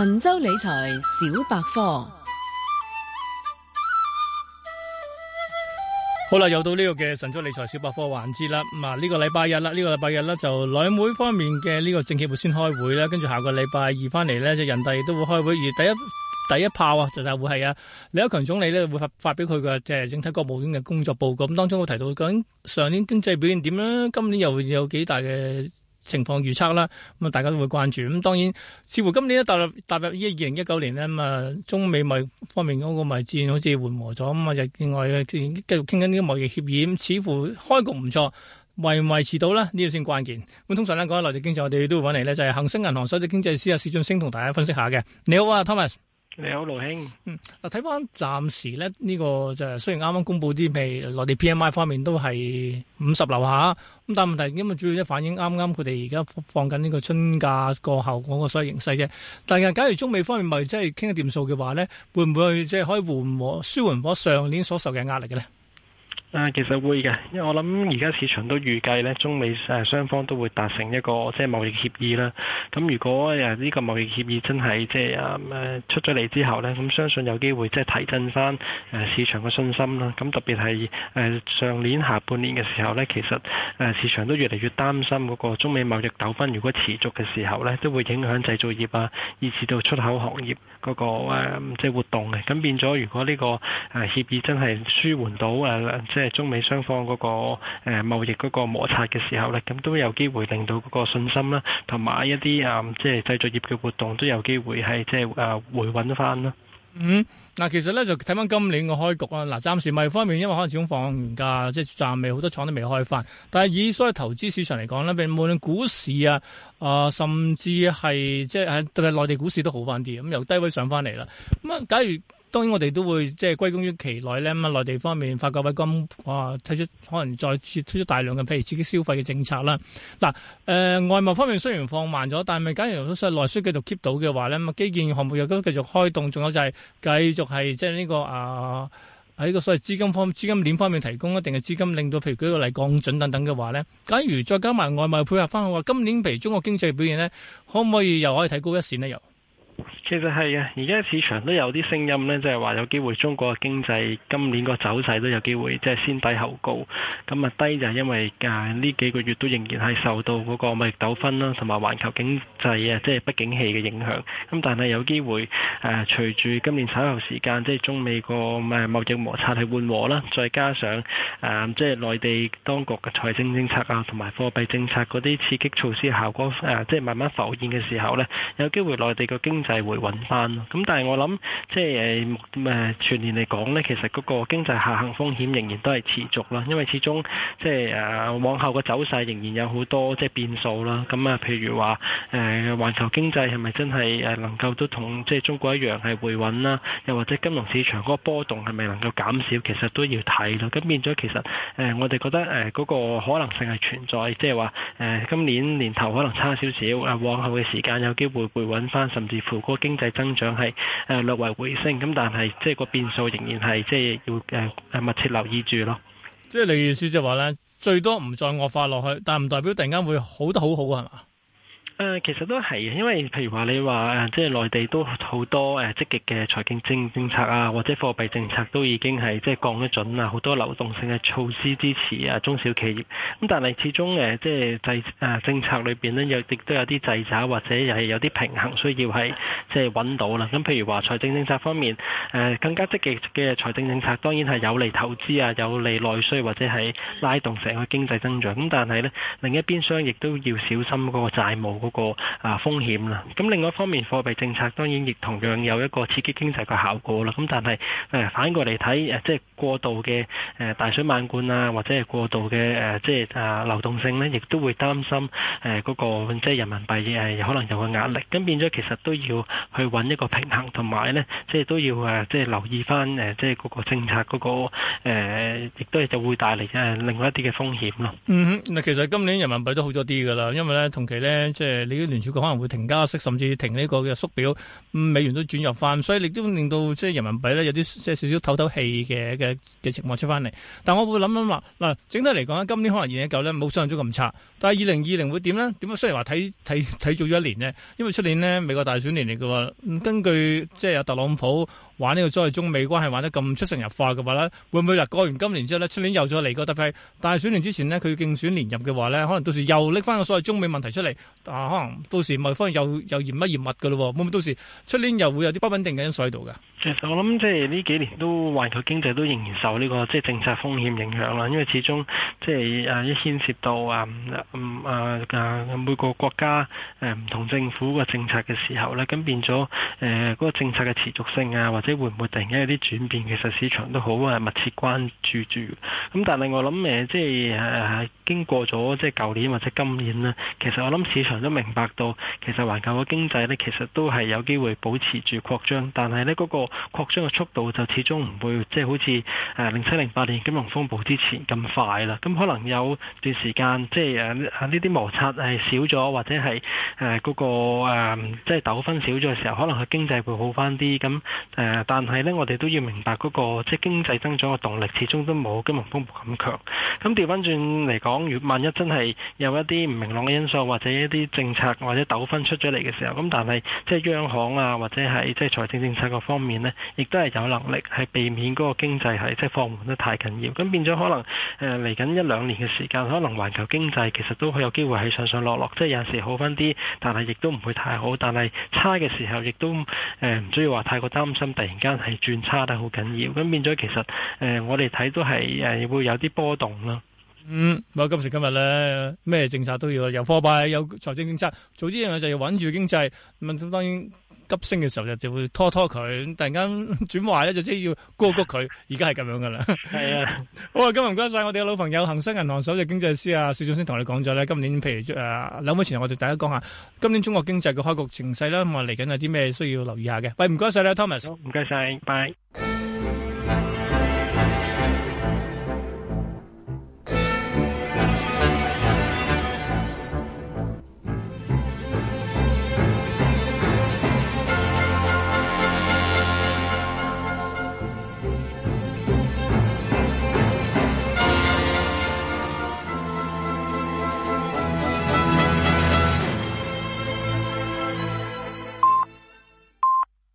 神州理財小百科。好啦，又到呢個嘅神州理財小百科環節啦。咁啊，呢、嗯，呢個禮拜日啦，呢個禮拜日咧就兩會方面嘅呢個政協會先開會啦，跟住下個禮拜二翻嚟咧，就人大都會開會。而第一第一炮啊，就係會係啊，李克強總理咧會發發表佢嘅即係整體國務院嘅工作報告。咁當中會提到究竟上年經濟表現點啦，今年又會有幾大嘅。情況預測啦，咁啊大家都會關注。咁當然，似乎今年咧踏入踏入二二零一九年呢，咁啊中美貿易方面嗰個貿易戰好似緩和咗。咁啊，另外嘅仲繼續傾緊呢個貿易協議，似乎開局唔錯，維唔維持到呢？呢個先關鍵。咁通常呢，講內地經濟，我哋都會揾嚟呢，就係、是、恒生銀行首席經濟師啊薛俊昇同大家分析下嘅。你好啊，Thomas。你好，羅兄。嗯，嗱、啊，睇翻暫時咧，呢、這個就係雖然啱啱公布啲未內地 P M I 方面都係五十樓下，咁但係問題，因為主要咧反映啱啱佢哋而家放緊呢個春假過後嗰個所有形勢啫。但係假如中美方面咪即係傾一掂數嘅話咧，會唔會即係可以緩和、舒緩火上年所受嘅壓力嘅咧？啊，其實會嘅，因為我諗而家市場都預計呢，中美誒雙方都會達成一個即係、就是、貿易協議啦。咁如果誒呢個貿易協議真係即係誒、啊、出咗嚟之後呢，咁相信有機會即係提振翻誒市場嘅信心啦。咁特別係誒、啊、上年下半年嘅時候呢，其實誒市場都越嚟越擔心嗰個中美貿易糾紛如果持續嘅時候呢，都會影響製造業啊，以至到出口行業嗰、那個、啊、即係活動嘅。咁變咗如果呢個誒協議真係舒緩到誒、啊、即即係中美雙方嗰個誒貿易嗰個摩擦嘅時候咧，咁都有機會令到嗰個信心啦，同埋一啲啊即係製造業嘅活動都有機會係即係啊回穩咗翻咯。嗯，嗱其實咧就睇翻今年嘅開局啊，嗱暫時咪方面，因為可能始終放完假，即係暫未好多廠都未開翻。但係以所謂投資市場嚟講咧，無論股市啊啊、呃，甚至係即係誒對內地股市都好翻啲，咁由低位上翻嚟啦。咁啊，假如～當然我哋都會即係歸功於其內咧，咁啊內地方面發覺位金哇推出可能再次推出大量嘅譬如刺激消費嘅政策啦，嗱誒外貿方面雖然放慢咗，但係假如如果內需繼續 keep 到嘅話咧，咁啊基建項目又都繼續開動，仲有就係繼續係即係呢個啊喺、啊這個所謂資金方資金鏈方面提供一定嘅資金，令到譬如舉個例降準等等嘅話咧，假如再加埋外貿配合翻嘅話今年，譬如中國經濟表現咧可唔可以又可以提高一線呢？又？其實係啊，而家市場都有啲聲音呢，即係話有機會中國嘅經濟今年個走勢都有機會即係先低後高。咁啊低就係因為呢、啊、幾個月都仍然係受到嗰個貿易糾紛啦，同埋環球經濟啊即係不景氣嘅影響。咁但係有機會誒、啊、隨住今年稍後時間，即係中美個誒貿易摩擦係緩和啦，再加上誒、啊、即係內地當局嘅財政政策啊，同埋貨幣政策嗰啲刺激措施效果、啊、即係慢慢浮現嘅時候呢，有機會內地個經濟係回穩翻咯，咁 但係我諗，即係誒誒全年嚟講呢，其實嗰個經濟下行風險仍然都係持續啦，因為始終即係誒往後嘅走勢仍然有好多即係變數啦。咁啊，譬如話誒，環球經濟係咪真係誒能夠都同即係中國一樣係回穩啦？又或者金融市場嗰個波動係咪能夠減少？其實都要睇咯。咁變咗其實誒，我哋覺得誒嗰個可能性係存在，即係話誒今年年頭可能差少少，誒往後嘅時間有機會回穩翻，甚至乎，個經濟增長係誒略為回升，咁但係即係個變數仍然係即係要誒誒密切留意住咯。即係你意思就話咧，最多唔再惡化落去，但唔代表突然間會好得好好啊係嘛。誒，其實都係因為譬如話你話誒，即係內地都好多誒積極嘅財經政政策啊，或者貨幣政策都已經係即係降得準啊，好多流動性嘅措施支持啊中小企業。咁但係始終誒，即係制誒政策裏邊呢又亦都有啲掣肘，或者係有啲平衡需要係即係揾到啦。咁譬如話財政政策方面，誒更加積極嘅財政政策當然係有利投資啊，有利內需或者係拉動成個經濟增長。咁但係呢，另一邊廂亦都要小心嗰個債務個啊風險啦，咁另外一方面，貨幣政策當然亦同樣有一個刺激經濟嘅效果啦。咁但係誒反過嚟睇誒，即係過度嘅誒大水漫灌啊，或者係過度嘅誒即係啊流動性咧，亦都會擔心誒嗰個即係人民幣誒可能有個壓力。咁變咗其實都要去揾一個平衡，同埋咧即係都要誒即係留意翻誒即係嗰個政策嗰個誒亦都係就會帶嚟誒另外一啲嘅風險咯。嗯哼，嗱其實今年人民幣都好咗啲噶啦，因為咧同期咧即係。你啲聯儲局可能會停加息，甚至停呢個嘅縮表，美元都轉入翻，所以亦都令到即係人民幣咧有啲即係少少透透氣嘅嘅嘅情況出翻嚟。但我會諗諗話，嗱，整體嚟講咧，今年可能二零一九咧冇想象中咁差，但係二零二零會點咧？點解雖然話睇睇睇早咗一年呢？因為出年呢，美國大選年嚟嘅喎，根據即係阿特朗普，玩呢個所謂中美關係玩得咁出神入化嘅話咧，會唔會嚟過完今年之後咧，出年又再嚟個特飛？但係選年之前咧，佢競選連任嘅話咧，可能到時又拎翻個所謂中美問題出嚟，啊，可能到時咪反而又又嚴乜嚴物嘅咯？會唔會到時出年又會有啲不穩定嘅因素喺度嘅？其實我諗即係呢幾年都環球經濟都仍然受呢個即係政策風險影響啦，因為始終即係誒一牽涉到啊嗯啊每個國家誒唔同政府嘅政策嘅時候呢，咁變咗誒嗰個政策嘅持續性啊，或者會唔會突然間有啲轉變，其實市場都好係密切關注住。咁但係我諗誒即係誒經過咗即係舊年或者今年呢，其實我諗市場都明白到其實環球嘅經濟呢，其實，其實都係有機會保持住擴張，但係呢嗰個擴張嘅速度就始終唔會即係、就是、好似誒零七零八年金融風暴之前咁快啦，咁可能有段時間即係誒呢啲摩擦係少咗，或者係誒嗰個誒即係糾紛少咗嘅時候，可能佢經濟會好翻啲。咁誒、呃，但係呢，我哋都要明白嗰、那個即係、就是、經濟增長嘅動力始終都冇金融風暴咁強。咁調翻轉嚟講，若萬一真係有一啲唔明朗嘅因素，或者一啲政策或者糾紛出咗嚟嘅時候，咁但係即係央行啊，或者係即係財政政策個方面。亦都係有能力係避免嗰個經濟係即係放緩得太緊要，咁變咗可能誒嚟緊一兩年嘅時間，可能環球經濟其實都係有機會係上上落落，即係有陣時好翻啲，但係亦都唔會太好，但係差嘅時候亦都誒唔、呃、需要話太過擔心，突然間係轉差得好緊要，咁變咗其實誒、呃、我哋睇都係誒會有啲波動咯。嗯，今時今日咧，咩政策都要，有貨幣，有財政政策。做呢樣嘢就要穩住經濟。咁當然急升嘅時候就就會拖拖佢，突然間轉壞咧就即係要高谷佢。而家係咁樣噶啦。係啊，好啊，今日唔該晒我哋嘅老朋友恒生銀行首席經濟師啊，薛總先同你講咗咧，今年譬如誒兩會前我哋大家講下今年中國經濟嘅開局情勢啦。咁啊嚟緊有啲咩需要留意下嘅？喂，唔該曬咧，Thomas，唔該曬，拜。